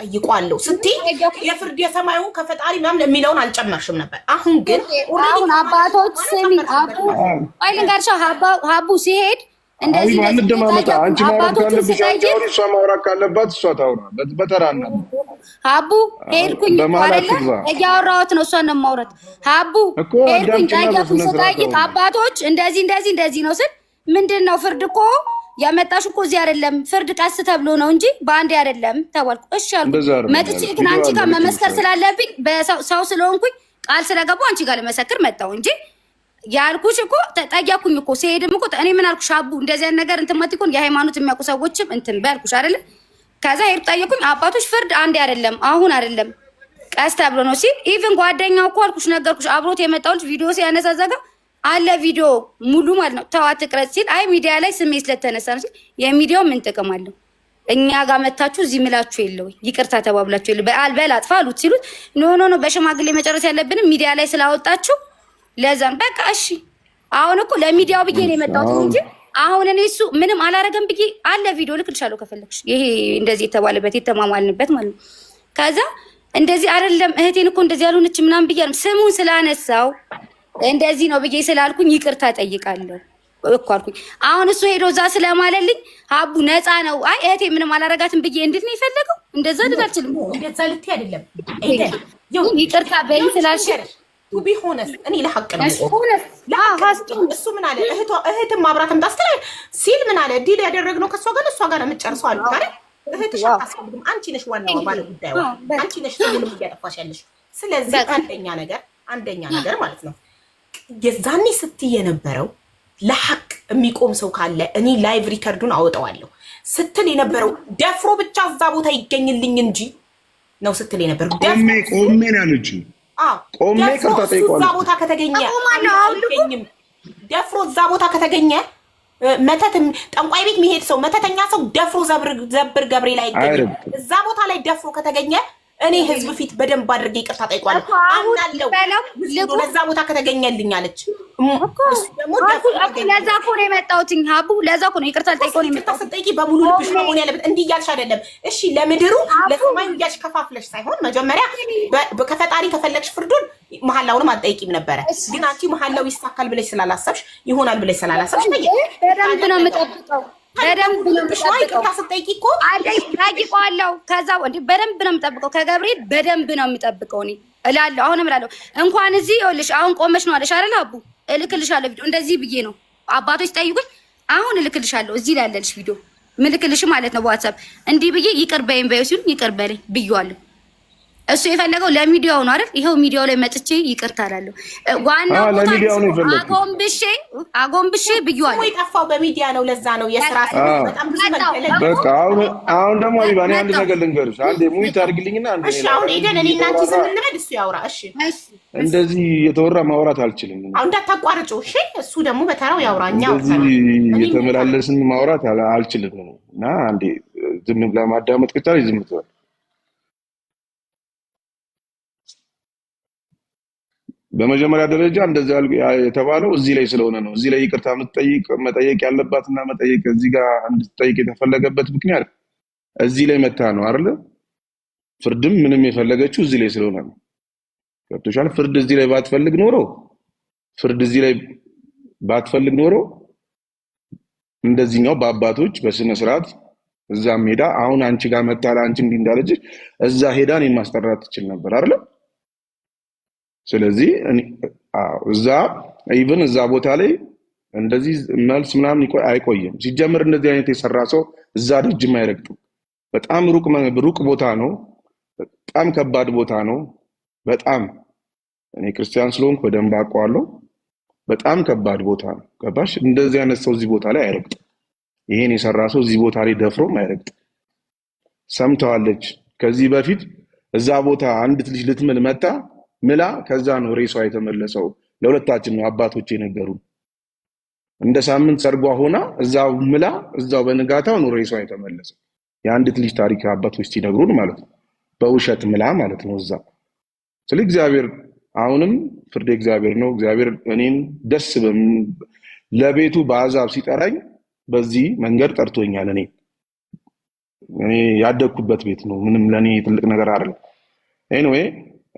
ጠይቋለሁ ስትይ የፍርድ የሰማዩን ከፈጣሪ ምናምን የሚለውን አልጨመርሽም ነበር። አሁን ግን አሁን አባቶች ስሚ ይልንጋርሻ ሀቡ ሲሄድ እንደዚህ አንደማመጣ አንቺ ማውራት ካለብሽ እሷ ማውራት ካለባት እሷ ታውራለች። በተራና ሀቡ ሄድኩኝ እያወራሁት ነው። እሷን ነው የማውራት። ሀቡ ሄድኩኝ ጠየኩኝ ስጠይቅ አባቶች እንደዚህ እንደዚህ እንደዚህ ነው ስል ምንድን ነው ፍርድ እኮ ያመጣሽ እኮ እዚህ አይደለም፣ ፍርድ ቀስ ተብሎ ነው እንጂ በአንድ አይደለም ተባልኩ። እሺ አልኩ። መጥቼ ግን አንቺ ጋር መመስከር ስላለብኝ ሰው ስለሆንኩኝ ቃል ስለገቡ አንቺ ጋር ለመሰክር መጣሁ እንጂ ያልኩሽ እኮ ተጠያኩኝ እኮ ሲሄድም እኮ እኔ ምን አልኩሽ? አቡ እንደዚህ ነገር እንትን መት የሃይማኖት የሚያውቁ ሰዎችም እንትን በልኩሽ አይደለ? ከዛ ሄድ ጠየኩኝ። አባቶች ፍርድ አንድ አይደለም አሁን አይደለም ቀስ ተብሎ ነው ሲል ኢቭን ጓደኛው እኮ አልኩሽ ነገርኩሽ። አብሮት የመጣው ልጅ ቪዲዮ ሲያነሳ ዘጋ አለ ቪዲዮ ሙሉ ማለት ነው። ተዋ ትቅረጽ ሲል አይ ሚዲያ ላይ ስሜ ስለተነሳ ነው ሲል የሚዲያው ምን ጥቅም አለው? እኛ ጋር መታችሁ እዚህ ምላችሁ የለው ይቅርታ ተባብላችሁ የለ በአልበል አጥፋ አሉት ሲሉት ኖ ኖ ኖ በሽማግሌ መጨረስ ያለብንም ሚዲያ ላይ ስላወጣችሁ ለዛም በቃ እሺ። አሁን እኮ ለሚዲያው ብዬ ነው የመጣሁት እንጂ አሁን እኔ እሱ ምንም አላረገም ብዬ አለ ቪዲዮ ልክልሻለሁ ከፈለግሽ። ይሄ እንደዚህ የተባለበት የተማማልንበት ማለት ነው። ከዛ እንደዚህ አይደለም እህቴን እኮ እንደዚህ ያልሆነች ምናምን ብያለሁ ስሙን ስላነሳው እንደዚህ ነው ብዬ ስላልኩኝ ይቅርታ ጠይቃለሁ እኮ አልኩኝ። አሁን እሱ ሄዶ እዛ ስለማለልኝ ሀቡ ነፃ ነው። አይ እህቴ ምንም አላረጋትም ብዬ እንድል ነው የፈለገው። እንደዛ ልል አልችልም። እንደዛ ልት አይደለም ይቅርታ በይ ስላልሽር እኔ ለሀቅ ነው እሱ ምን አለ እህትም ሲል ምን አለ ዲል ያደረግነው ከእሷ ጋር እሷ ጋር አሉ እህትሽ አታስፈልግም። አንቺ ነሽ ዋናው ባለ ጉዳዩ አንቺ ነሽ ሁሉንም እያጠፋሽ ያለሽ። ስለዚህ አንደኛ ነገር አንደኛ ነገር ማለት ነው የዛኔ ስትይ የነበረው ለሀቅ የሚቆም ሰው ካለ እኔ ላይቭ ሪከርዱን አወጣዋለሁ ስትል የነበረው ደፍሮ ብቻ እዛ ቦታ ይገኝልኝ እንጂ ነው ስትል የነበረው። ቆሜ ነው ያለችው። ቆሜ እዛ ቦታ ከተገኘ ደፍሮ እዛ ቦታ ከተገኘ መተት ጠንቋይ ቤት የሚሄድ ሰው መተተኛ ሰው ደፍሮ ዘብር ገብሬ ላይ ይገኛል። እዛ ቦታ ላይ ደፍሮ ከተገኘ እኔ ህዝብ ፊት በደንብ አድርጌ ይቅርታ ጠይቋለሁ። አምናለሁ ለዛ ቦታ ከተገኘልኝ አለች። ለዛ እኮ ነው የመጣሁት ሀቡ፣ ለዛ እኮ ነው ይቅርታ ጠይቆ ነው የመጣሁት። ስጠይቂ በሙሉ ልብሽ መሆን ያለበት እንዲህ እያልሽ አይደለም። እሺ ለምድሩ ለሰማዩ እያልሽ ከፋፍለሽ ሳይሆን መጀመሪያ ከፈጣሪ ከፈለግሽ ፍርዱን መሀላውንም አጠይቂም ነበረ። ግን አንቺ መሀላው ይሳካል ብለሽ ስላላሰብሽ ይሆናል ብለሽ ስላላሰብሽ በደንብ ነው የምጠብቀው በደንብ ከዛ ወዲ በደንብ ነው የምጠብቀው። ከገብርኤል በደንብ ነው የሚጠብቀው። እኔ እላለሁ አሁንም እላለሁ። እንኳን እዚህ ይኸውልሽ፣ አሁን ቆመሽ ነው አለሽ አይደል? አቡ እልክልሻለሁ ቪዲዮ እንደዚህ ብዬ ነው አባቶች ጠይቁኝ። አሁን እልክልሻለሁ እዚህ ላለልሽ ቪዲዮ ምልክልሽ ማለት ነው። በዋትሳፕ እንዲህ ብዬ ይቅር በይኝ በይው ሲሉኝ ይቅር በለኝ ብዬዋለሁ። እሱ የፈለገው ለሚዲያው ነው አይደል? ይኸው ሚዲያው ላይ መጥቼ ይቅርታ አላለሁ። ዋናው አጎንብሼ አጎንብሼ ብዬዋለሁ። የጠፋው በሚዲያ ነው። ለዛ ነው የስራ አሁን ደግሞ አቢባ እኔ አንድ ነገር ልንገርሽ። አንዴ ሙይ ታርግልኝና አንዴ አሁን ሄደን እኔ እናንቺ ስንንረድ እሱ ያውራ። እሺ እንደዚህ የተወራ ማውራት አልችልም። አሁን እንዳታቋርጩ እሺ። እሱ ደግሞ በተራው ያውራ። እኛ እንደዚህ የተመላለስን ማውራት አልችልም እና አንዴ ዝም ብላ ማዳመጥ ከቻለች ዝም ትበል በመጀመሪያ ደረጃ እንደዚ የተባለው እዚህ ላይ ስለሆነ ነው። እዚህ ላይ ይቅርታ መጠየቅ ያለባትና መጠየቅ እዚህ ጋር እንድትጠይቅ የተፈለገበት ምክንያት እዚህ ላይ መታ ነው አይደለ? ፍርድም ምንም የፈለገችው እዚህ ላይ ስለሆነ ነው። ገብቶሻል? ፍርድ እዚህ ላይ ባትፈልግ ኖሮ ፍርድ እዚህ ላይ ባትፈልግ ኖሮ እንደዚህኛው በአባቶች በስነ ስርዓት እዛም ሄዳ አሁን አንቺ ጋር መታ ለአንቺ እንዲህ እንዳለችሽ እዛ ሄዳን የማስጠራት ትችል ነበር አይደለ? ስለዚህ እዛ ኢቭን እዛ ቦታ ላይ እንደዚህ መልስ ምናምን አይቆይም። ሲጀምር እንደዚህ አይነት የሰራ ሰው እዛ ደጅም አይረግጥም። በጣም ሩቅ ቦታ ነው። በጣም ከባድ ቦታ ነው። በጣም እኔ ክርስቲያን ስለሆንኩ በደንብ አውቀዋለሁ። በጣም ከባድ ቦታ ነው። ገባሽ? እንደዚህ አይነት ሰው እዚህ ቦታ ላይ አይረግጥም። ይሄን የሰራ ሰው እዚህ ቦታ ላይ ደፍሮም አይረግጥም። ሰምተዋለች። ከዚህ በፊት እዛ ቦታ አንዲት ልጅ ልትምል መታ ምላ ከዛ ነው ሬሷ የተመለሰው። ለሁለታችን ነው አባቶች የነገሩ። እንደ ሳምንት ሰርጓ ሆና እዛው ምላ እዛው በንጋታው ነው ሬሷ የተመለሰው። የአንዲት ልጅ ታሪክ አባቶች ሲነግሩን ማለት ነው። በውሸት ምላ ማለት ነው እዛ። ስለ እግዚአብሔር አሁንም ፍርድ እግዚአብሔር ነው። እግዚአብሔር እኔን ደስ ለቤቱ በአሕዛብ ሲጠራኝ በዚህ መንገድ ጠርቶኛል። እኔ እኔ ያደግኩበት ቤት ነው። ምንም ለእኔ ትልቅ ነገር አይደለም። ኤኒዌይ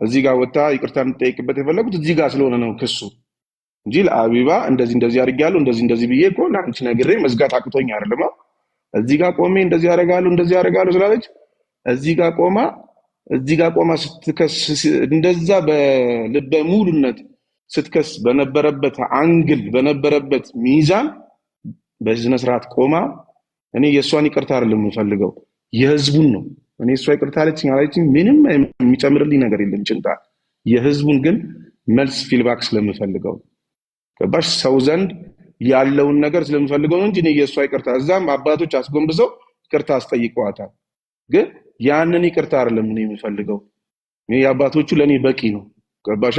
እዚህ ጋር ወታ ይቅርታ እንጠይቅበት የፈለጉት እዚህ ጋር ስለሆነ ነው ክሱ እንጂ ለአቢባ እንደዚህ እንደዚህ አድርጌያለሁ እንደዚህ እንደዚህ ብዬ እኮ ለአንቺ ነግሬ መዝጋት አቅቶኝ አይደለም። እዚህ ጋር ቆሜ እንደዚህ አደርጋለሁ እንደዚህ አደርጋለሁ ስላለች እዚህ ጋር ቆማ እዚህ ጋር ቆማ ስትከስ እንደዛ በልበ ሙሉነት ስትከስ በነበረበት አንግል በነበረበት ሚዛን በስነ ስርዓት ቆማ እኔ የእሷን ይቅርታ አይደለም የምፈልገው የህዝቡን ነው። እኔ እሷ ይቅርታ አለችኝ አላለችኝ ምንም የሚጨምርልኝ ነገር የለም። ጭንጣ የህዝቡን ግን መልስ ፊልባክ ስለምፈልገው ገባሽ ሰው ዘንድ ያለውን ነገር ስለምፈልገው ነው እንጂ እኔ የእሷ ይቅርታ እዛም አባቶች አስጎንብሰው ይቅርታ አስጠይቀዋታል። ግን ያንን ይቅርታ አይደለም እኔ የምፈልገው። እኔ የአባቶቹ ለእኔ በቂ ነው። ገባሻ?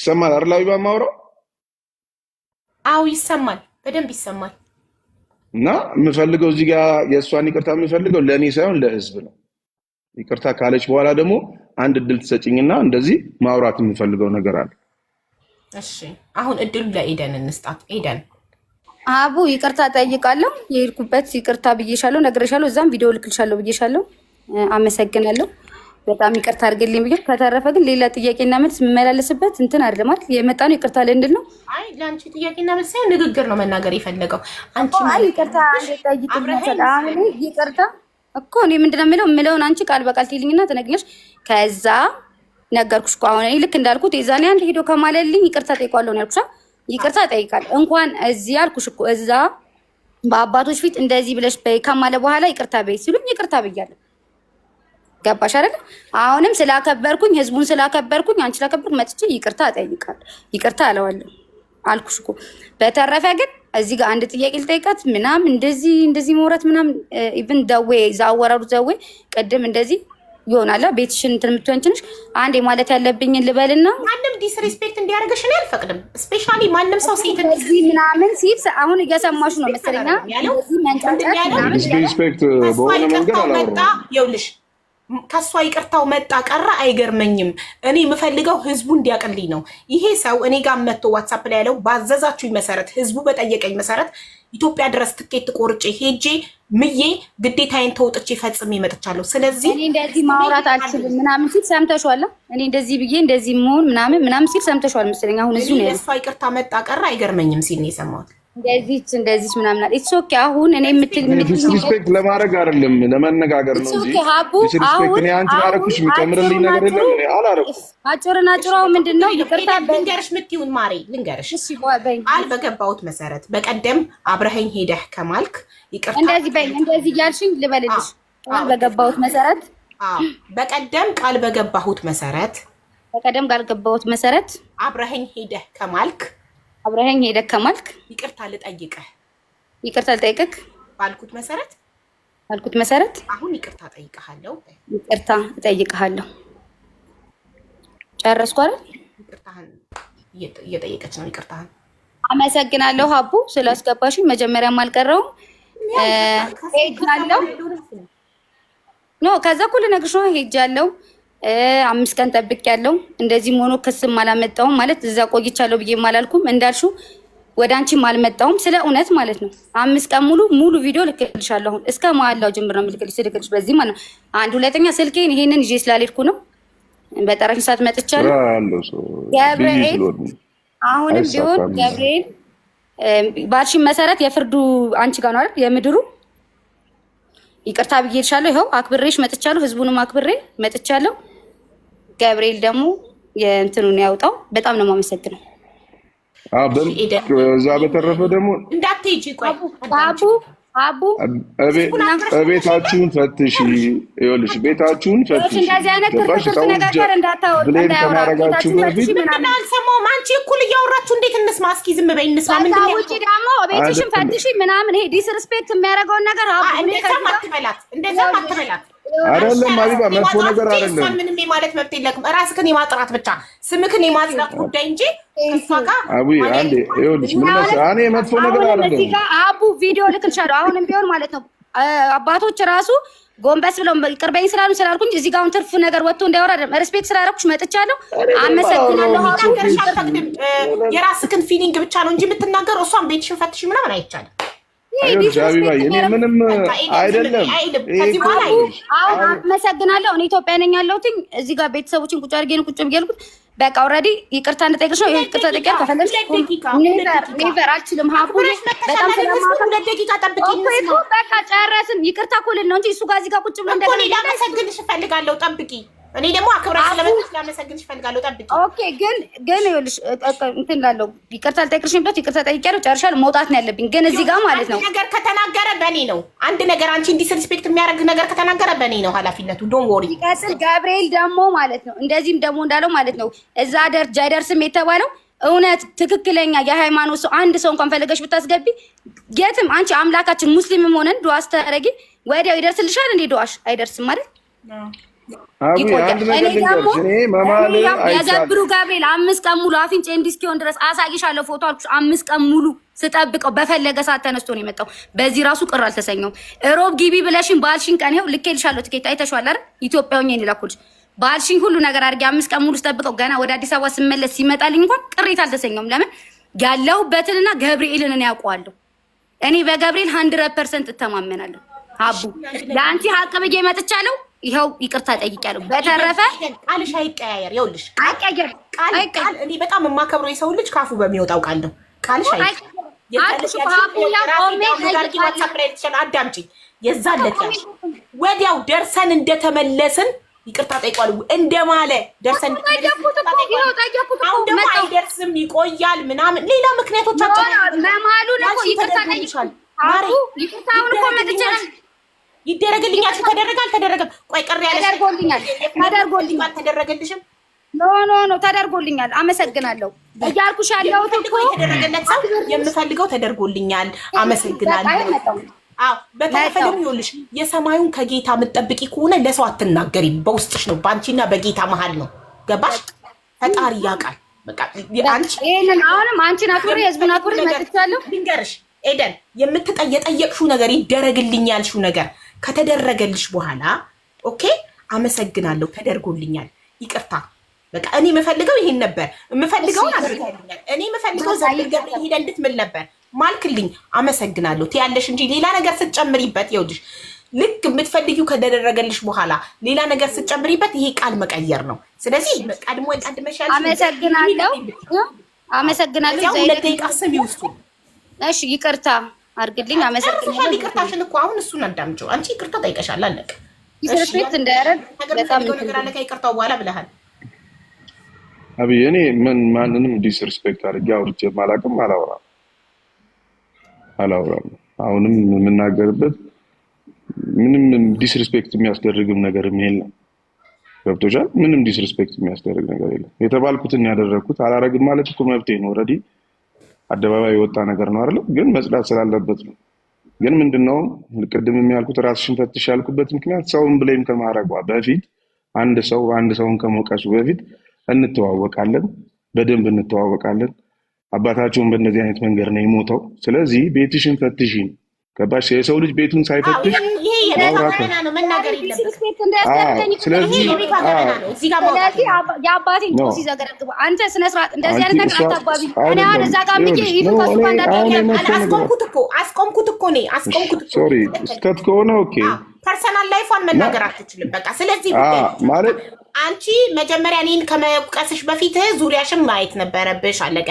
ይሰማል አርላዊ ባማውረው አው ይሰማል፣ በደንብ ይሰማል። እና የምፈልገው እዚህ ጋር የእሷን ይቅርታ የምፈልገው ለእኔ ሳይሆን ለህዝብ ነው። ይቅርታ ካለች በኋላ ደግሞ አንድ እድል ትሰጭኝና እንደዚህ ማውራት የምፈልገው ነገር አለ። እሺ አሁን እድሉ ለኤደን እንስጣት። ኤደን አቡ ይቅርታ ጠይቃለሁ። የሄድኩበት ይቅርታ ብዬሻለሁ፣ ነግሬሻለሁ፣ እዛም ቪዲዮ ልክልሻለሁ ብዬሻለሁ። አመሰግናለሁ። በጣም ይቅርታ አድርግልኝ ብዬ ከተረፈ ግን ሌላ ጥያቄና መልስ የምመላለስበት እንትን አይደለም። ማለት የመጣ ነው ይቅርታ ልንድል ነው። አይ ለአንቺ ጥያቄና መልስ ሳይሆን ንግግር ነው መናገር የፈለገው አንቺ ይቅርታ ይቅርታ እኮ እኔ ምንድነው የምለው የምለውን አንቺ ቃል በቃል ትይልኝና ትነግኛለሽ። ከዛ ነገርኩሽ እኮ አሁን ልክ እንዳልኩት የዛኔ አንድ ሄዶ ከማለልኝ ይቅርታ ጠይቋለሁ ነው ያልኩሻ። ይቅርታ ጠይቃል እንኳን እዚህ ያልኩሽ እኮ እዛ በአባቶች ፊት እንደዚህ ብለሽ በይ ከማለ በኋላ ይቅርታ በይ ሲሉኝ ይቅርታ ብያለሁ። ገባሽ አይደለ? አሁንም ስላከበርኩኝ ህዝቡን ስላከበርኩኝ አንቺ ስላከበርኩ መጥቼ ይቅርታ ጠይቃል ይቅርታ አለዋለሁ አልኩሽ እኮ። በተረፈ ግን እዚህ ጋር አንድ ጥያቄ ልጠይቃት ምናም እንደዚህ እንደዚህ መውረት ምናም ኢቭን ዘዌ ዛወራሩ አወራሩ ዘዌ ቅድም እንደዚህ ይሆናል ቤትሽን እንትን የምትሆን ትንሽ አንዴ ማለት ያለብኝን ልበልና ማንም ዲስሪስፔክት እንዲያደርግሽ እኔ አልፈቅድም። ስፔሻሊ ማንም ሰው ሴት እዚህ ምናምን ሲል አሁን እያሰማሽ ነው መሰለኝ። ዲስሪስፔክት በሆነ መንገድ አላወራሁም። ይኸውልሽ ከሷ ይቅርታው መጣ ቀረ አይገርመኝም። እኔ የምፈልገው ህዝቡ እንዲያቅልኝ ነው። ይሄ ሰው እኔ ጋር መጥቶ ዋትሳፕ ላይ ያለው ባዘዛችሁኝ መሰረት፣ ህዝቡ በጠየቀኝ መሰረት ኢትዮጵያ ድረስ ትኬት ቆርጬ ሄጄ ምዬ ግዴታዬን ተውጥቼ ፈጽሜ መጥቻለሁ። ስለዚህ እኔ እንደዚህ ማውራት አልችልም ምናምን ሲል ሰምተሽዋል። እኔ እንደዚህ ብዬ እንደዚህ መሆን ምናምን ምናምን ሲል ሰምተሽዋል መሰለኝ። አሁን እዚሁ ነው ያለው። እሷ ይቅርታ መጣ ቀረ አይገርመኝም ሲል ነው የሰማሁት። እንደዚች እንደዚች ምናምን አለ። ኢትስ ኦኬ። አሁን እኔ የምትል ዲስሪስፔክት ለማድረግ አይደለም ለመነጋገር ነው እንጂ ዲስሪስፔክት እኔ አንቺ አደረኩሽ የሚጨምርልኝ ነገር የለም። እኔ አላደረኩም። አጭርና ጭራው ምንድን ነው? ይቅርታ ልንገርሽ የምትይውን ማሬ ልንገርሽ አል በገባሁት መሰረት በቀደም አብረኸኝ ሄደህ ከማልክ ይቅርታ እንደዚህ በይኝ እንደዚህ እያልሽኝ ልበልልሽ አል በገባሁት መሰረት በቀደም ቃል በገባሁት መሰረት በቀደም ቃል ገባሁት መሰረት አብረኸኝ ሄደህ ከማልክ አብረኸኝ ሄደህ ከማልክ ይቅርታ ልጠይቅህ ይቅርታ ልጠይቅህ ባልኩት መሰረት ባልኩት መሰረት አሁን ይቅርታ ጠይቅሃለሁ። ይቅርታ እጠይቅሃለሁ። ጨረስኩ አይደል? ይቅርታህን እየጠየቀች ነው። ይቅርታህን አመሰግናለሁ ሀቡ ስላስገባሽኝ። መጀመሪያም አልቀረውም ሄጃለሁ። ኖ ከዛ እኮ ልነግርሽ ሄጃለሁ አምስት ቀን ጠብቅ ያለው እንደዚህም ሆኖ ክስም አላመጣውም ማለት እዛ ቆይቻለሁ ብዬ አላልኩም እንዳልሹ ወደ አንቺም አልመጣውም ስለ እውነት ማለት ነው። አምስት ቀን ሙሉ ሙሉ ቪዲዮ ልክልሻለሁ። አሁን እስከ መሀላው ጀምር ነው ልክልሽ ልክልሽ በዚህ ማለት ነው። አንድ ሁለተኛ ስልኬን ይሄንን ይዤ ስላልሄድኩ ነው። በጠራሽኝ ሰዓት መጥቻለሁ። ገብርኤል አሁንም ቢሆን ገብርኤል ባልሽን መሰረት የፍርዱ አንቺ ጋር ነው አይደል የምድሩ ይቅርታ ብዬልሻለሁ። ይኸው አክብሬሽ መጥቻለሁ። ህዝቡንም አክብሬ መጥቻለሁ። ገብርኤል ደግሞ የእንትኑን ያውጣው። በጣም ነው የማመሰግነው። እዛ በተረፈ ደግሞ እንዳትሄጂ አቡ አቡ ቤታችሁን ፈትሽ፣ ይኸውልሽ ቤታችሁን ፈትሽ። እንደዚህ አይነት አንቺ እኩል እያወራችሁ እንዴት እንስማ? እስኪ ዝም በይ እንስማ። ምንድን ነው ውጪ ደግሞ ቤትሽን ፈትሽ ምናምን፣ ይሄ ዲስርስፔክት የሚያደርገውን ነገር እንደዛም አትበላት፣ እንደዛም አትበላት አይደለም አቢባ፣ መጥፎ ነገር አይደለም። ምንም የማለት መብት የለህም። ራስህን የማጥራት ብቻ ስምክን የማጽዳት ጉዳይ እንጂ አቡ አንዴ ምን እኔ መጥፎ ነገር አይደለም። አቡ ቪዲዮ ልክልሻለሁ። አሁንም ቢሆን ማለት ነው አባቶች ራሱ ጎንበስ ብለው ቅርበኝ ስላሉ ስላልኩኝ እዚህ ጋር ትርፍ ነገር ወጥቶ እንዳይወራ አይደለም። ሪስፔክት ስላደረኩሽ መጥቻለሁ። አመሰግናለሁ። ሀራ ከርሻ አልፈቅድም። የራስህን ፊሊንግ ብቻ ነው እንጂ የምትናገር እሷን ቤትሽን ፈትሽ ምናምን አይቻልም። ምንም አይደለም። አሁን አመሰግናለሁ። እኔ ኢትዮጵያ ነኝ ያለሁት እዚህ ጋር ቤተሰቦችን ቁጭ አድርጌን ቁጭ ብዬ አልኩት። በቃ ኦልሬዲ ይቅርታ እንጠይቅሽ ነው። ይቅርታ ጠይቅ ከፈለግሽ ጨረስን። ይቅርታ እኮ ልል ነው እንጂ እሱ ጋር እዚህ ጋር ቁጭ ብሎ እንደገና ላመሰግንሽ እፈልጋለሁ። ጠብቂ እኔ ደግሞ አክብራ ስለመጣሽ ላመሰግንሽ እፈልጋለሁ። ጠብቂ። ኦኬ። ግን ግን ይኸውልሽ እንትን እላለሁ ይቅርታ አልጠይቅልሽም ብሎት ይቅርታ ጠይቄያለሁ። ጨርሻል። መውጣት ነው ያለብኝ። ግን እዚህ ጋር ማለት ነው ነገር ከተናገረ በእኔ ነው። አንድ ነገር አንቺ እንዲስሪስፔክት የሚያደርግ ነገር ከተናገረ በእኔ ነው ኃላፊነቱ። ዶን ወሪ። ይቀጥል። ገብርኤል ደግሞ ማለት ነው እንደዚህም ደግሞ እንዳለው ማለት ነው እዛ ደረጃ አይደርስም የተባለው እውነት ትክክለኛ የሃይማኖት ሰው አንድ ሰው እንኳን ፈለገሽ ብታስገቢ የትም አንቺ አምላካችን ሙስሊምም ሆነን ዱዓ ስታደርጊ ወዲያው ይደርስልሻል። እንደ ዱዓሽ አይደርስም ማለት የገብሩ ገብርኤል አምስት ቀን ሙሉ አፍንጬ እንዲህ እስኪሆን ድረስ አሳይሻለሁ ፎቶ አልኩሽ። አምስት ቀን ሙሉ ስጠብቀው በፈለገ ሰዓት ተነስቶ ነው የመጣው። በዚህ ራሱ ቅር አልተሰኘውም። ሮብ ግቢ ብለሽን ባልሽን ቀን ይኸው ልኬልሻለሁ። ትኬት አይተሽዋል አይደል? ኢትዮጵያ ሆኜ ነው ባልሽኝ ሁሉ ነገር አድርጌ አምስት ቀን ሙሉ ስጠብቀው ገና ወደ አዲስ አበባ ስመለስ ሲመጣልኝ እንኳን ቅሬታ አልተሰኘውም። ለምን ያለሁበትንና ገብርኤልን እኔ ያውቀዋለሁ። እኔ በገብርኤል ሀንድረድ ፐርሰንት እተማመናለሁ። አቡ ለአንቲ ሀቅ ብዬ መጥቻለሁ። ይኸው ይቅርታ ጠይቄያለሁ። በተረፈ ቃልሽ አይቀያየር። ይኸውልሽ አይቀያየር ቃል ቃል እኔ በጣም የማከብረው የሰው ልጅ ካፉ በሚወጣው ቃል ነው። ቃልሽ አይቀያየር። አዳምጪ። የዛን ዕለት ያልሽ ወዲያው ደርሰን እንደተመለስን ይቅርታ ጠይቋል እንደማለ ደርሰን አሁን ደግሞ አይደርስም ይቆያል ምናምን ሌላ ምክንያቶቻቸው መማሉን ይቅርታ ጠይቋል። ይቅርታውን እኮ መጥቻለሁ ይደረግልኛል ተደረገ አልተደረገም? ቆይ ቅር ያለሽ ተደርጎልኛል፣ ተደርጎልኛል፣ አልተደረገልሽም? ኖ ኖ ኖ ተደርጎልኛል፣ አመሰግናለሁ እያልኩሽ ያለሁት እኮ የተደረገለት ሰው የምፈልገው ተደርጎልኛል፣ አመሰግናለሁ። በተረፈ ደግሞ ይኸውልሽ የሰማዩን ከጌታ የምትጠብቂ ከሆነ ለሰው አትናገሪም። በውስጥሽ ነው፣ በአንቺና በጌታ መሀል ነው። ገባሽ? ፈጣሪ ያውቃል። በቃ አሁንም አንቺን አክብሬ ህዝቡን አክብሬ መጥቻለሁ። ልንገርሽ ኤደን የምትጠየጠየቅሽው ነገር ይደረግልኛል ያልሽው ነገር ከተደረገልሽ በኋላ ኦኬ፣ አመሰግናለሁ፣ ተደርጎልኛል፣ ይቅርታ በቃ እኔ የምፈልገው ይሄን ነበር፣ የምፈልገውን አድርገልኛል። እኔ የምፈልገው ዛሬ ገብር ሄደን ልትምል ነበር ማልክልኝ፣ አመሰግናለሁ ትያለሽ እንጂ ሌላ ነገር ስትጨምሪበት፣ ይኸውልሽ ልክ የምትፈልጊው ከተደረገልሽ በኋላ ሌላ ነገር ስትጨምሪበት፣ ይሄ ቃል መቀየር ነው። ስለዚህ ቀድሞ ቀድመሽ አመሰግናለሁ፣ አመሰግናለሁ ሁለት ደቂቃ ስሚ ውስጡ እሺ፣ ይቅርታ አርግልኝ አመሰግናለሁ። ይቅርታሽን እኮ አሁን እሱን አዳምጪው። አንቺ ይቅርታ ጠይቀሻል፣ አለቀ። ይሰረት እንዳያረግ በጣም ነገር አለቀ። ይቅርታው በኋላ ብለሃል። አብይ እኔ ምን ማንንም ዲስሪስፔክት አድርጌ አውርቼ አላውቅም፣ አላወራም አላወራም። አሁንም የምናገርበት ምንም ዲስሪስፔክት የሚያስደርግም ነገርም የለም። ገብቶሻል? ምንም ዲስሪስፔክት የሚያስደርግ ነገር የለም። የተባልኩትን ያደረግኩት አላረግም ማለት እኮ መብቴ ነው። ኦልሬዲ አደባባይ የወጣ ነገር ነው አይደለም፣ ግን መጽዳት ስላለበት ነው። ግን ምንድነው ቅድም የሚያልኩት ራስሽን ፈትሽ ያልኩበት ምክንያት ሰውን ብሌም ከማድረጓ በፊት አንድ ሰው አንድ ሰውን ከመውቀሱ በፊት እንተዋወቃለን፣ በደንብ እንተዋወቃለን። አባታቸውን በእነዚህ አይነት መንገድ ነው የሞተው። ስለዚህ ቤትሽን ፈትሽን ገባሽ? የሰው ልጅ ቤቱን ሳይፈትሽ ማውራት ነው መናገር የለበትም። ስለዚህ አንተ ስነ ስርዓት እንደዚህ ፐርሰናል ላይፏን መናገር አትችልም። በቃ ስለዚህ ማለት አንቺ መጀመሪያ እኔን ከመውቀስሽ በፊት ዙሪያሽን ማየት ነበረብሽ። አለቀ።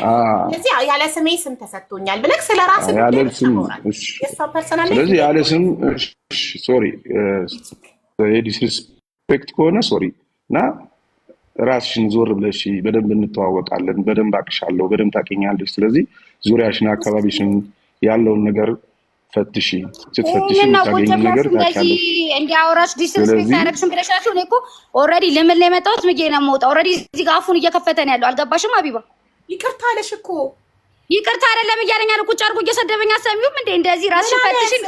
ስለዚህ ያለ ስሜ ስም ተሰጥቶኛል ብለህ ስለ ራስህ ያለ ስም ሶሪ፣ የዲስሪስፔክት ከሆነ ሶሪ እና ራስሽን ዞር ብለሽ በደንብ እንተዋወቃለን፣ በደንብ አቅሻለሁ፣ በደንብ ታውቂኛለሽ። ስለዚህ ዙሪያሽን አካባቢሽን ያለውን ነገር ፈትሺ ስትፈትሺ የምታገኝ ነገር ታውቂያለሽ። እንዲያወራሽ ዲስሪስፔክት አያደርግሽም ብለሻችሁ እኔ እኮ ኦልሬዲ ለምን ላይ መጣሁት ብዬሽ ነው የምወጣው። ኦልሬዲ እዚህ ጋር አፉን እየከፈተ ነው ያለው። አልገባሽም? አቢባ ይቅርታ አለሽ እኮ ይቅርታ አይደለም እያለኝ እያለኛል። ቁጭ አድርጎ እየሰደበኝ አሰሚውም እንዴ እንደዚህ ራስሽ ፈትሽን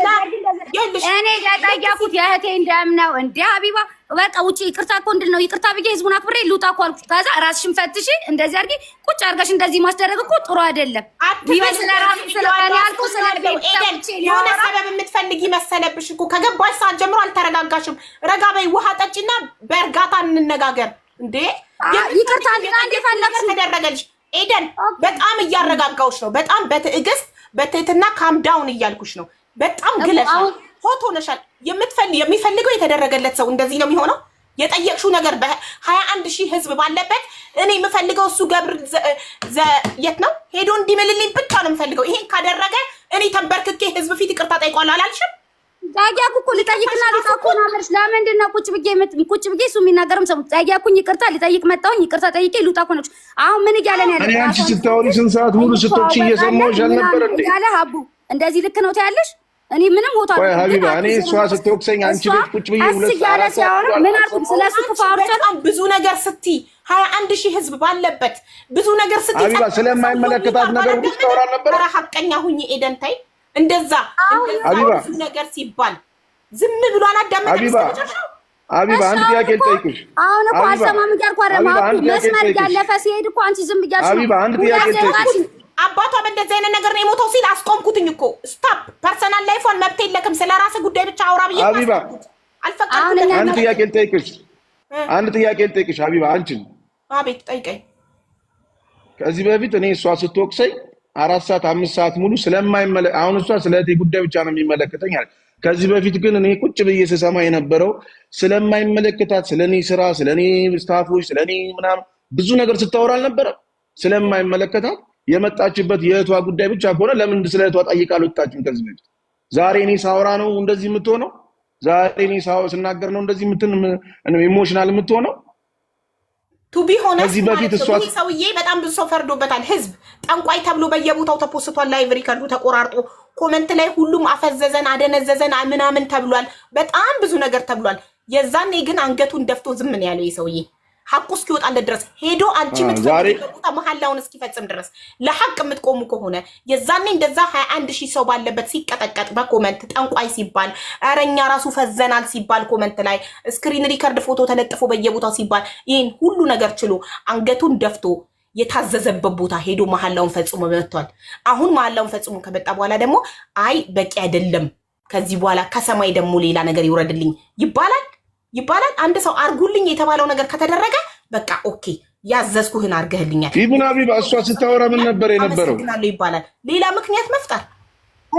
እኔ ያጠያኩት የእህቴ ደም ነው እንዴ ሀቢባ። በቃ ውጭ ይቅርታ እኮ እንድል ነው ይቅርታ ብዬ ህዝቡን አክብሬ ልውጣ እኮ አልኩት። ከዛ ራስሽን ፈትሽ፣ እንደዚህ አድርጊ፣ ቁጭ አድርገሽ እንደዚህ ማስደረግ እኮ ጥሩ አይደለም። ስለራስስለሆነ ሰበብ የምትፈልጊ መሰለብሽ እኮ ከገባሽ ሰዓት ጀምሮ አልተረጋጋሽም። ረጋ በይ፣ ውሃ ጠጪና በእርጋታ እንነጋገር። እንዴ ይቅርታ እንድና ፈለግ ተደረገልሽ ኤደን በጣም እያረጋጋሁሽ ነው። በጣም በትዕግስት በትህትና ካምዳውን እያልኩሽ ነው። በጣም ግለሻል፣ ሆት ሆነሻል። የሚፈልገው የተደረገለት ሰው እንደዚህ ነው የሚሆነው። የጠየቅሽው ነገር በሀያ አንድ ሺህ ህዝብ ባለበት እኔ የምፈልገው እሱ ገብር የት ነው ሄዶ እንዲምልልኝ ብቻ ነው የምፈልገው። ይሄን ካደረገ እኔ ተንበርክኬ ህዝብ ፊት ይቅርታ ጠይቋል አላልሽም? ዳጊያኩ እኮ ልጠይቅና ልታኩና አለሽ። ለምንድን ነው ቁጭ ብዬ ቁጭ ብዬ እሱ የሚናገርም ሰው ዳጊያኩኝ ይቅርታ ልጠይቅ መጣሁኝ፣ ይቅርታ ጠይቄ ልውጣ እኮ ነች። አሁን ምን እያለ ነው ያለ? እኔ አንቺ ስታወሪ ስንት ሰዓት ሙሉ ስቶች እየሰማሁሽ አልነበር እንዴ? ያለ ሀቡ እንደዚህ ልክ ነው ታያለሽ። እኔ ምንም ቦታ ወይ ሀቢባ፣ እኔ እሷ ስትወቅሰኝ አንቺ ቤት ቁጭ ብዬ ሁለት ሰዓት ሲያወራ ምን ስለሱ ብዙ ነገር ስትይ ሀያ አንድ ሺህ ህዝብ ባለበት ብዙ ነገር ስትይ ሀቢባ ስለማይመለከታት ነገር ነበር። ሁኚ ኤደን እንደዛ ነገር ሲባል ዝም ብሎ አላዳመጠም። አቢባ አንድ አባቷም እንደዚህ አይነት ነገር ነው የሞተው ሲል አስቆምኩትኝ እኮ ስታፕ። ፐርሰናል ላይፏን መብት የለክም ስለ ራስህ ጉዳይ ብቻ አውራ ብዬ አቢባ አልፈቀድኩም። አንድ ጥያቄ ልጠይቅሽ። አንድ ጥያቄ ልጠይቅሽ አቢባ አንቺን። አቤት ጠይቀኝ። ከዚህ በፊት እኔ እሷ ስትወቅሰኝ አራት ሰዓት አምስት ሰዓት ሙሉ ስለማይመለ አሁን እሷ ስለ እህቴ ጉዳይ ብቻ ነው የሚመለከተኝ አለ። ከዚህ በፊት ግን እኔ ቁጭ ብዬ ስሰማ የነበረው ስለማይመለከታት ስለኔ ስራ፣ ስለኔ ስታፎች፣ ስለኔ እኔ ምናምን ብዙ ነገር ስታወራ አልነበረም። ስለማይመለከታት የመጣችበት የእህቷ ጉዳይ ብቻ ከሆነ ለምን ስለ እህቷ ጠይቃ አልወጣችም? ከዚህ በፊት ዛሬ እኔ ሳውራ ነው እንደዚህ የምትሆነው? ዛሬ እኔ ስናገር ነው እንደዚህ ምትን ኢሞሽናል የምትሆነው? ቱቢ ሆነ ሰውዬ በጣም ብዙ ሰው ፈርዶበታል። ህዝብ ጠንቋይ ተብሎ በየቦታው ተፖስቷል። ላይቭ ሪከርዱ ተቆራርጦ ኮመንት ላይ ሁሉም አፈዘዘን፣ አደነዘዘን ምናምን ተብሏል። በጣም ብዙ ነገር ተብሏል። የዛኔ ግን አንገቱን ደፍቶ ዝም ነው ያለው ሰውዬ። ሀቁ እስኪወጣለት ድረስ ሄዶ አንቺ የምትፈልጉት መሀላውን እስኪፈጽም ድረስ ለሀቅ የምትቆሙ ከሆነ የዛኔ እንደዛ ሀያ አንድ ሺህ ሰው ባለበት ሲቀጠቀጥ በኮመንት ጠንቋይ ሲባል ኧረ ራሱ ፈዘናል ሲባል ኮመንት ላይ ስክሪን ሪከርድ ፎቶ ተለጥፎ በየቦታው ሲባል ይህን ሁሉ ነገር ችሎ አንገቱን ደፍቶ የታዘዘበት ቦታ ሄዶ መሀላውን ፈጽሞ መጥቷል። አሁን መሀላውን ፈጽሞ ከመጣ በኋላ ደግሞ አይ በቂ አይደለም፣ ከዚህ በኋላ ከሰማይ ደግሞ ሌላ ነገር ይውረድልኝ ይባላል። ይባላል። አንድ ሰው አርጉልኝ የተባለው ነገር ከተደረገ በቃ ኦኬ ያዘዝኩህን አርገህልኛል። ኢብን ሀቢባ እሷ ስታወራ ምን ነበር የነበረው ይባላል። ሌላ ምክንያት መፍጠር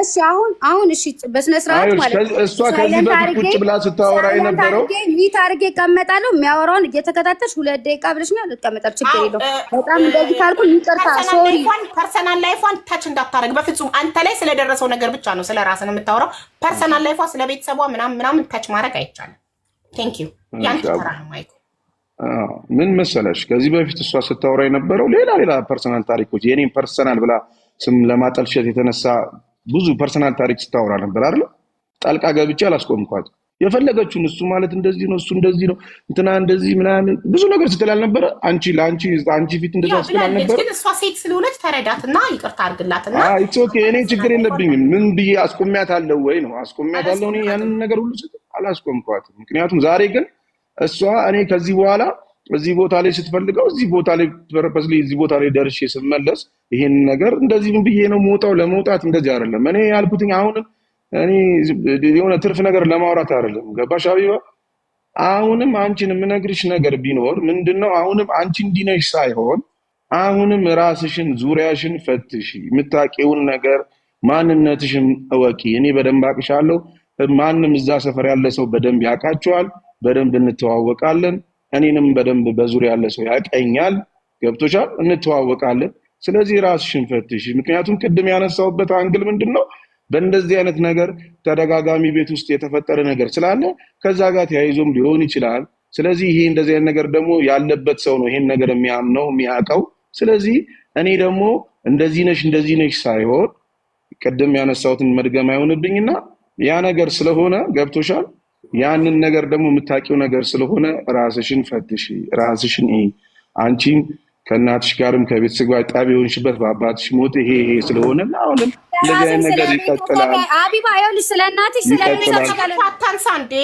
እሺ አሁን አሁን እሺ፣ በስነ ስርዓት ማለት እሷ ከዚህ በፊት ቁጭ ብላ ስታወራ የነበረው ሚት አድርጌ እቀመጣለሁ። የሚያወራውን እየተከታተልሽ ሁለት ደቂቃ ብለሽኛል፣ ልቀመጣል። ችግር የለውም። በጣም እንደዚህ ካልኩ ይቅርታ፣ ሶሪ። ፐርሰናል ላይፏን ታች እንዳታረግ በፍጹም። አንተ ላይ ስለደረሰው ነገር ብቻ ነው ስለ ራስን የምታወራው። ፐርሰናል ላይፏ ስለ ቤተሰቧ ምናምን ምናምን ታች ማድረግ አይቻልም። ምን መሰለሽ ከዚህ በፊት እሷ ስታወራ የነበረው ሌላ ሌላ ፐርሰናል ታሪኮች የኔም ፐርሰናል ብላ ስም ለማጠልሸት የተነሳ ብዙ ፐርሰናል ታሪክ ስታወራ ነበር አይደለ? ጣልቃ ገብቼ አላስቆምኳት። የፈለገችውን እሱ ማለት እንደዚህ ነው፣ እሱ እንደዚህ ነው፣ እንትና እንደዚህ ምናምን ብዙ ነገር ስትላል ነበረ። አንቺ ለአንቺ አንቺ ፊት እንደዛ ስትላል አልነበረ? ግን እሷ ሴት ስለሆነች ተረዳትና ይቅርታ ኦኬ። እኔ ችግር የለብኝም ምን ብዬ አስቆሚያት አለው ወይ ነው አስቆሚያት አለው። እኔ ያንን ነገር ሁሉ ስትል አላስቆምኳትም። ምክንያቱም ዛሬ ግን እሷ እኔ ከዚህ በኋላ እዚህ ቦታ ላይ ስትፈልገው እዚህ ቦታ ላይ ፐርፐስ እዚህ ቦታ ላይ ደርሼ ስመለስ ይሄን ነገር እንደዚህ ብዬ ነው መውጣው ለመውጣት እንደዚህ አይደለም እኔ ያልኩትኝ አሁንም እኔ የሆነ ትርፍ ነገር ለማውራት አይደለም። ገባሽ አቢባ አሁንም አንቺን የምነግርሽ ነገር ቢኖር ነው፣ አሁንም አንቺ እንዲነሽ ሳይሆን አሁንም ራስሽን ዙሪያሽን ፈትሽ፣ የምታውቂውን ነገር ማንነትሽን እወቂ። እኔ በደንብ አቅሻለሁ። ማንም እዛ ሰፈር ያለ ሰው በደንብ ያቃቸዋል በደንብ እንተዋወቃለን። እኔንም በደንብ በዙሪያ ያለ ሰው ያቀኛል። ገብቶሻል? እንተዋወቃለን። ስለዚህ ራስሽን ፈትሽ። ምክንያቱም ቅድም ያነሳውበት አንግል ምንድን ነው በእንደዚህ አይነት ነገር ተደጋጋሚ ቤት ውስጥ የተፈጠረ ነገር ስላለ ከዛ ጋር ተያይዞም ሊሆን ይችላል። ስለዚህ ይሄ እንደዚህ አይነት ነገር ደግሞ ያለበት ሰው ነው ይሄን ነገር የሚያምነው የሚያውቀው። ስለዚህ እኔ ደግሞ እንደዚህ ነሽ እንደዚህ ነሽ ሳይሆን ቅድም ያነሳሁትን መድገም አይሆንብኝና ያ ነገር ስለሆነ ገብቶሻል። ያንን ነገር ደግሞ የምታውቂው ነገር ስለሆነ ራስሽን ፈትሽ፣ ራስሽን አንቺም ከእናትሽ ጋርም ከቤት ስጋ ጣቢ የሆንሽበት በአባትሽ ሞት ይሄ ይሄ ስለሆነ አሁንም እንደዚህ አይነት ነገር ይቀጥላል። አቢባ ይኸውልሽ፣ ስለ እናትሽ ስለ ታንሳ እንዴ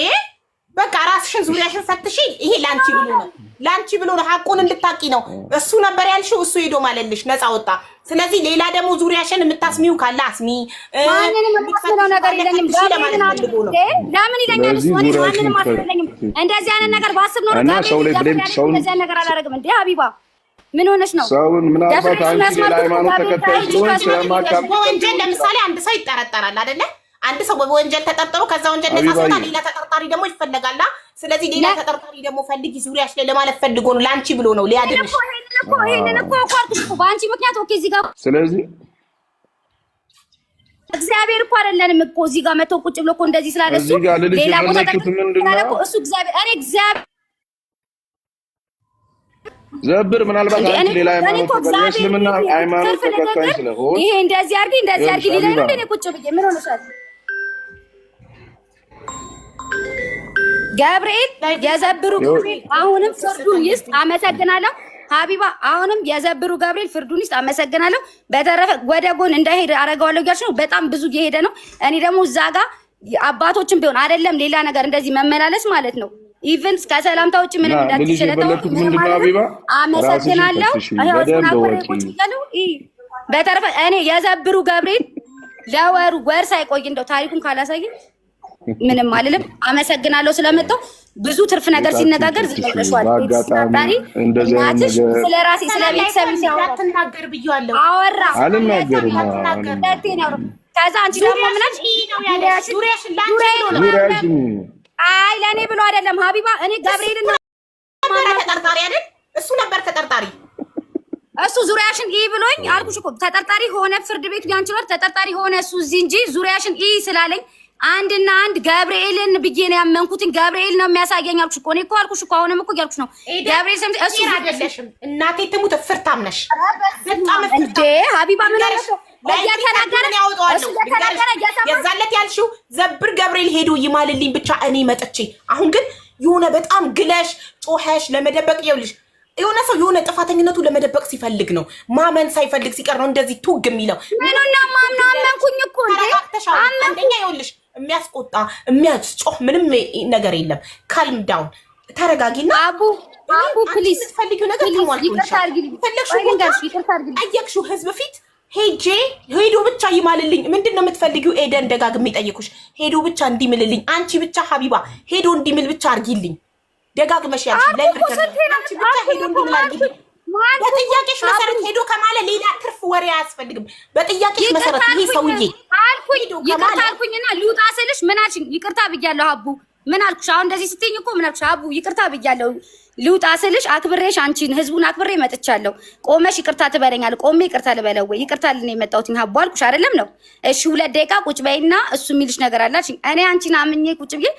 በቃ ራስሽን ዙሪያሽን ፈትሽ። ይሄ ለአንቺ ብሎ ነው፣ ለአንቺ ብሎ ነው፣ ሀቁን እንድታቂ ነው። እሱ ነበር ያልሽው፣ እሱ ሄዶ ማለልሽ ነፃ ወጣ። ስለዚህ ሌላ ደግሞ ዙሪያሽን የምታስሚው ካለ አስሚ። ለምን ይለኛል? እንደዚህ አይነት ነገር ባስብ ኖሮ ነገር አላደርግም እንዴ አቢባ ምን ሆነሽ ነው? ሰውን ምናልባት አንቺ ሌላ ተከታይ በወንጀል ለምሳሌ አንድ ሰው ይጠረጠራል አይደለ? አንድ ሰው በወንጀል ተጠርጥሮ ከዛ ወንጀል ነፃ ሲወጣ ሌላ ተጠርጣሪ ደግሞ ይፈለጋል። ስለዚህ ሌላ ተጠርጣሪ ደግሞ ፈልጊ ዙሪያሽ ላይ ለማለት ፈልጎ ነው፣ ለአንቺ ብሎ ነው ሊያድንሽ። ይሄንን እኮ አልኩሽ እኮ በአንቺ ምክንያት። ኦኬ እዚህ ጋር ስለዚህ እግዚአብሔር እኮ አይደለንም እኮ እዚህ ጋር መቶ ቁጭ ብሎ እኮ እንደዚህ ስላለ እሱ ሌላ ቦታ እሱ እግዚአብሔር እኔ እግዚአብሔር ዘብር ምናልባት አንቺ ሌላ ሃይማኖት ተቀባይ እስልምና ሃይማኖት ተከታይ ስለሆነ ይሄ እንደዚህ አድርጊ እንደዚህ አድርጊ ሌላ ነው እንደኔ ቁጭ ብዬ ምን ሆነሻል? ገብርኤል የዘብሩ ገብርኤል አሁንም ፍርዱን ይስጥ። አመሰግናለሁ ሀቢባ። አሁንም የዘብሩ ገብርኤል ፍርዱን ይስጥ። አመሰግናለሁ። በተረፈ ወደ ጎን እንዳይሄድ አደርገዋለሁ እያልሽ ነው። በጣም ብዙ እየሄደ ነው። እኔ ደግሞ እዛ ጋር አባቶችን ቢሆን አይደለም ሌላ ነገር እንደዚህ መመላለስ ማለት ነው ኢቨን እስከ ውጭ ምንም እንዳትችለተው አመሰግናለሁ። በተረፈ እኔ የዘብሩ ገብርኤል ለወሩ ወር ሳይቆይ እንደው ታሪኩን ካላሳየ ምንም አልልም። አመሰግናለሁ ስለመጣው ብዙ ትርፍ ነገር ሲነጋገር ዝመለሸዋል። ሲያወራትናገር ብያለሁ። አወራ አልናገርም። ከዛ አንቺ ደግሞ አይ ለእኔ ብሎ አይደለም ሀቢባ። እኔ ገብርኤል ነው ተጠርጣሪ አይደል? እሱ ነበር ተጠርጣሪ። እሱ ዙሪያሽን ኢ ብሎኝ አልኩሽ እኮ ተጠርጣሪ ሆነ። ፍርድ ቤቱ ያንቺ ነው ተጠርጣሪ ሆነ እሱ እዚህ እንጂ ዙሪያሽን ኢ ስላለኝ አንድና አንድ ገብርኤልን ብዬ ነው ያመንኩትን። ገብርኤል ነው የሚያሳየኝ አልኩሽ እኮ እኔ እኮ አልኩሽ እኮ አሁንም እኮ እያልኩሽ ነው። ገብርኤል ሰምተሽ እሱ አይደለሽም። እናቴ ትሙት ፍርታም ነሽ በጣም ፍርታም ሀቢባ ምን አለሽ የዛለት ያልሽው ዘብር ገብርኤል ሄዶ ይማልልኝ ብቻ እኔ መጥቼ አሁን ግን የሆነ በጣም ግለሽ ጮኸሽ ለመደበቅ ይኸውልሽ የሆነ ሰው የሆነ ጥፋተኝነቱ ለመደበቅ ሲፈልግ ነው። ማመን ሳይፈልግ ሲቀር ነው እንደዚህ ቱግ የሚለው። ምኑና ማምና አመንኩኝ እኮ አንደኛ፣ ይኸውልሽ የሚያስቆጣ የሚያስጮህ ምንም ነገር የለም። ካልም ዳውን ተረጋጊና፣ አቡ አቡ ፕሊዝ፣ ፈልጊው ነገር ተሟልቶ ይሻል። ፈለግሽው ጠየቅሽው ህዝብ ፊት ሄጄ ሄዶ ብቻ ይማልልኝ። ምንድን ነው የምትፈልጊው? ኤደን ደጋግሜ ጠየኩሽ። ሄዶ ብቻ እንዲምልልኝ፣ አንቺ ብቻ ሀቢባ ሄዶ እንዲምል ብቻ አርጊልኝ። ደጋግመሽ ያልሽኝ በጥያቄሽ መሰረት ሄዶ ከማለ ሌላ ትርፍ ወሬ አያስፈልግም። በጥያቄሽ መሰረት ይሄ ሰውዬ አልኩኝ፣ ይቅርታ አልኩኝና ልውጣ ስልሽ ምን አልሽኝ? ይቅርታ ብያለሁ አቡ ምን አልኩሽ? አሁን እንደዚህ ስትይኝ እኮ ምን አልኩሽ? አቡ ይቅርታ ብያለሁ። ልውጣ ስልሽ አክብሬሽ አንቺን ህዝቡን አክብሬ መጥቻለሁ። ቆመሽ ይቅርታ ትበለኛል። ቆሜ ይቅርታ ልበለው ወይ? ይቅርታ ልን የመጣሁትኝ አቡ አልኩሽ አይደለም ነው? እሺ ሁለት ደቂቃ ቁጭ በይና እሱ የሚልሽ ነገር አላልሽኝ። እኔ አንቺን አምኜ ቁጭ ብዬ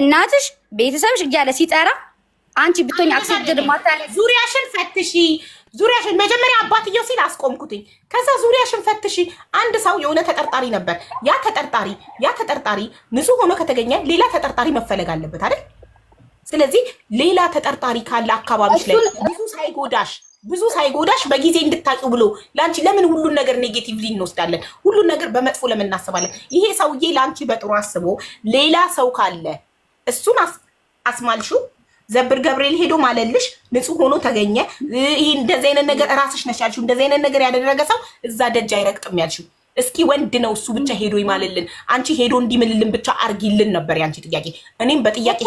እናትሽ ቤተሰብሽ እያለ ሲጠራ አንቺ ብትሆኝ አክሴፕትድ ማታ ዙሪያሽን ፈትሺ ዙሪያሽን መጀመሪያ አባትየው ሲል አስቆምኩትኝ። ከዛ ዙሪያሽን ፈትሺ። አንድ ሰው የሆነ ተጠርጣሪ ነበር። ያ ተጠርጣሪ ያ ተጠርጣሪ ንጹህ ሆኖ ከተገኘ ሌላ ተጠርጣሪ መፈለግ አለበት አይደል? ስለዚህ ሌላ ተጠርጣሪ ካለ አካባቢሽ ላይ ብዙ ሳይጎዳሽ ብዙ ሳይጎዳሽ በጊዜ እንድታቂው ብሎ ለአንቺ ለምን ሁሉን ነገር ኔጌቲቭሊ እንወስዳለን? ሁሉን ነገር በመጥፎ ለምን እናስባለን? ይሄ ሰውዬ ለአንቺ በጥሩ አስቦ ሌላ ሰው ካለ እሱን አስማልሹ ዘብር ገብርኤል ሄዶ ማለልሽ ንጹህ ሆኖ ተገኘ። ይህ እንደዚህ አይነት ነገር እራስሽ ነሽ ያልሽው፣ እንደዚህ አይነት ነገር ያደረገ ሰው እዛ ደጅ አይረግጥም ያልሽው። እስኪ ወንድ ነው እሱ ብቻ ሄዶ ይማልልን፣ አንቺ ሄዶ እንዲምልልን ብቻ አርጊልን ነበር ያንቺ ጥያቄ። እኔም በጥያቄ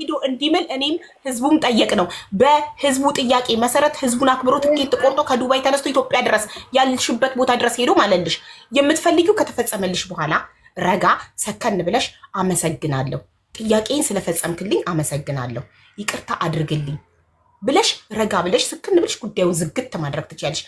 ሄዶ እንዲምል እኔም ህዝቡም ጠየቅ ነው። በህዝቡ ጥያቄ መሰረት ህዝቡን አክብሮ ትኬት ቆርጦ ከዱባይ ተነስቶ ኢትዮጵያ ድረስ ያልሽበት ቦታ ድረስ ሄዶ ማለልሽ። የምትፈልጊው ከተፈጸመልሽ በኋላ ረጋ ሰከን ብለሽ አመሰግናለሁ ጥያቄን ስለፈጸምክልኝ አመሰግናለሁ፣ ይቅርታ አድርግልኝ ብለሽ ረጋ ብለሽ ስክን ብለሽ ጉዳዩን ዝግት ማድረግ ትችያለሽ።